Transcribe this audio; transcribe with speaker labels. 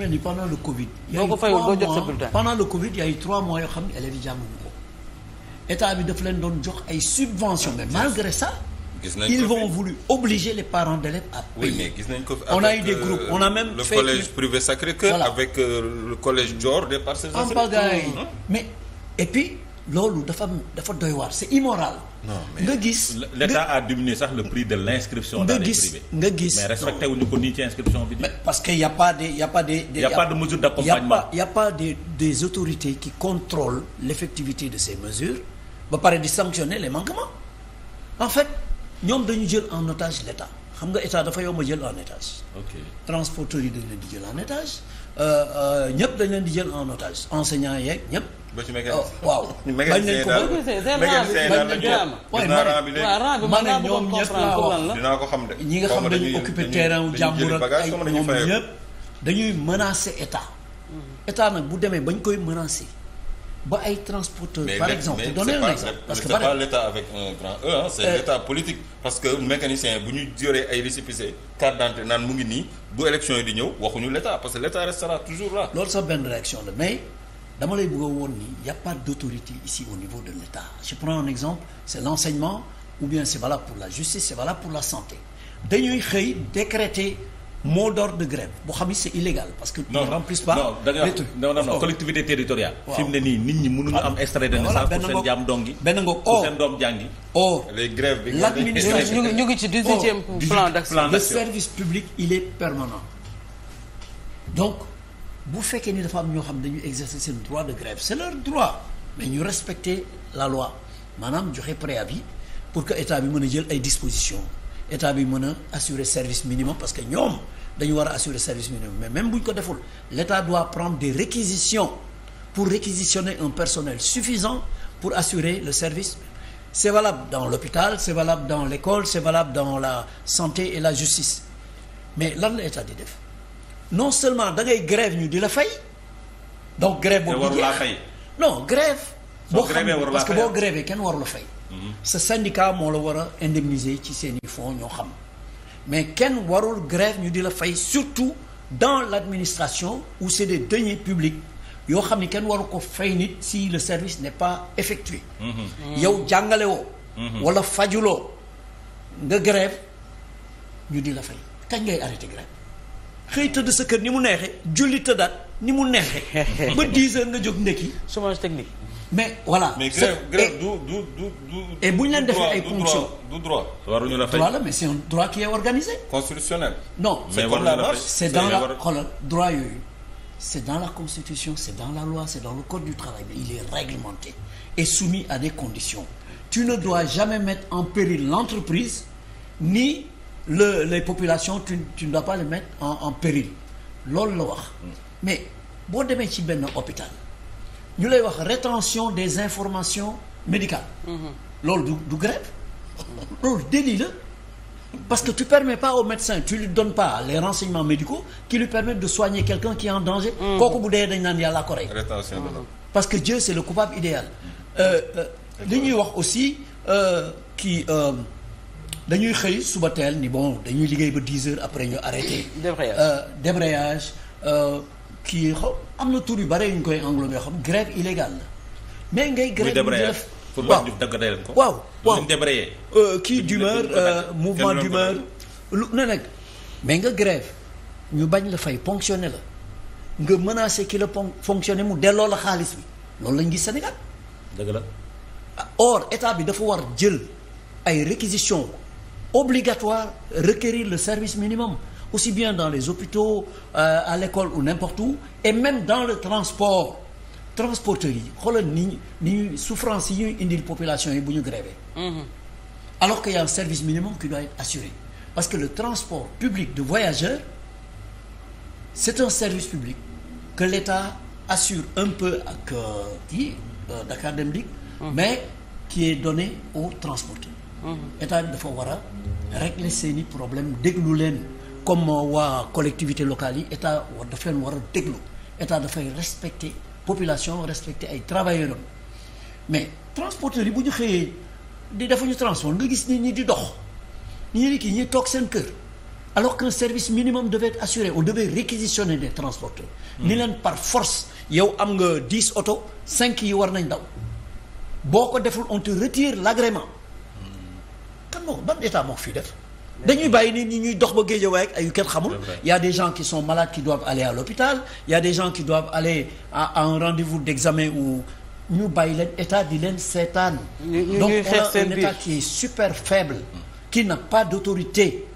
Speaker 1: mel ni pendant le Covid. boo ko fayoo doo jot sa bulletin pendant le Covid y trois mois yoo xam ne élèves yi leen doon jox ay subventions mais malgré ça. ils vont voulu obliger les parents d'élèves à payer. ko fi on a eu des euh, groupes on a même. le collège privé Sacré-Cœur. avec euh, le collège Dior des parcelles. en pagaille mais et puis. loolu dafa dafa doy waar c'est immoral. nga gis l'État a diminué sax le prix de l'inscription dans les privés. nga gis mais respecté wuñu ko nii ci parce que y' a pas des y' a pas a pas de mesures d'accompagnement. y' a pas des des autorités qui contrôlent l'effectivité de ces mesures ba pare di sanctionner les manquements en fait ñoom dañu jël en otage l'État. xam nga état dafa yomb a jël en étage. ok transporteurs yi dañ leen di jël en étage euh, euh, ñëpp dañ leen di jël en otage enseignants yeeg ñëpp. ba oh, waaw bañ nañ ko ba ma ne ñoom ñëpp laa wax dinaa ko xam de. ñi nga xam dañuy occuper terrain wu jàmbur ak ay ñoom ñëpp dañuy menacer état. Mm. état nag bu demee ba ñu koy menacer. ba ay transporteurs. par le, exemple pour donner parce que c'est pas l'État avec grand E c'est euh, l'État politique. parce que mécanicien bu ñu joree ay récépissé carte d'identité naan mu ngi nii bu élection yi di ñëw waxuñu l'État parce que l'État restera toujours là. loolu sax benn réaction la mais dama lay bëgg a woon ni a pas d'autorité ici au niveau de l'État je prends un exemple c'est l'enseignement ou bien c'est valable pour la justice c'est valable pour la santé dañuy xëy mot d'ordre de grève boo xam ni c'est illégal parce que. non remplissent pas non da nga non non collectivité territoriale. waaw fi mu ne nii nit ñi mënuñu ah. am extrait de naissance. pour seen jaam dongi benn ngoog oh seen doom jàngi. oh les grèves bi. l'administration ñu ngi ci 18e plan d'action le service public il est permanent. donc bu fekkee ni dafa am ñoo xam dañuy exercer seen droit de grève c'est leur droit mais ñu respecter la loi maanaam joxe préavis pour que état bi mën a jël ay dispositions. état bi mën a assurer service minimum parce que ñoom dañu war a assurer service minimum mais même bu ñu ko deful l'état doit prendre des réquisitions pour réquisitionner un personnel suffisant pour assurer le service c'est valable dans l'hôpital c'est valable dans l'école c'est valable dans la santé et la justice mais lan la état di non seulement da ngay grève ñu di la fay donc grève boobu di jeex non grève boo xam parce que boo grèvee kenn waru la fay sa syndicat moo la war a indemniser ci seen i fonds ñoo xam mais kenn warul grève ñu di la fay surtout dans l'administration où c'est des deniers publics yoo xam ni kenn waru ko fay nit si le service n'est pas effectué mm-hmm. yow jàngale woo mm-hmm. wala fajuloo nga grève ñu di la fay kañ ngay arrêté grève xëy tëdd sa kër ni mu neexee julli tëddaat ni mu neexee ba 10 heures nga jóg ndekki. chômage technique. mais voilà. mais grève grève bu leen defee ay ponctions du droit waruñu la fay droit la mais c'est un droit qui est organisé. constitutionnel. non c'est dans la constitution c'est dans la loi c'est dans le code du travail mais il est réglementé et soumis à des conditions tu ne dois jamais mettre en péril l'entreprise ni le les populations tu tu ne dois pas les mettre en péril loolu la wax mais boo demee ci benn hôpital ñu lay wax rétention des informations médicales mhm. loolu du du grève loolu parce que tu permets pas au médecin tu lui donnes pas les renseignements médicaux qui lui permettent de soigner quelqu'un qui est en danger mhm. kooku bu dee dañ naan yàlla ko rey mhm. parce que Dieu c'est le coupable idéal euh, euh, li ñuy wax aussi kii euh, dañuy xëy suba teel ni bon dañuy liggéey ba 10 heures après ñu arrêté. débrayage euh, débrayage euh, kii xaw am na tur yu bare yu ñu koy englobe yoo xam grève illégale la mais ngay grève ñu def pour waaw waaw waaw euh, kii d'humeur mouvement d'humeur lu ne nag mais nga grève ñu bañ la fay ponctionné la nga menacé ki la pon fonctionné mu delloo la xaalis bi loolu lañ gis Sénégal dëgg la or état bi dafa war jël ay réquisition obligatoire requérir le service minimum aussi bien dans les hôpitaux euh, à l'école ou n'importe où et même dans le transport transporteurs yi xoolal ni ni souffrance yi ñuy indil population yi bu ñu grévé mhm. alors qu'il y a un service minimum qui doit être assuré parce que le transport public de voyageurs c'est un service public que l'État assure un peu ak kii euh, Dakar Dem Dikk mhm. mais qui est donné aux transporteurs état bi dafa war a régler seeni problème déglu leen comme waa collectivité locale yi état daf leen war a déglu état dafay respecter population respecter ay travailleurs am mais transporteurs yi bu ñu xëyee di defuñu transport nga gis nit ñi di dox nit ñi kii ñuy toog seen kër alors qu'un service minimum devait être assuré on devait réquisitionner des transporteurs. Hmm. ni leen par force yow am nga dix oto cinq yi war nañ daw boo ko deful on te retire l'agrément lan moo ban état moo ko fii def dañuy bàyyi nit ñi ñuy dox ba géejawaay kenn xamul y a des gens qui sont malades qui doivent aller à l'hôpital y a des gens qui doivent aller à, à un rendez-vous d'examen ou ñu bàyyi leen état di leen seetaan donc on a un état qui est super faible qui n'a pas d'autorité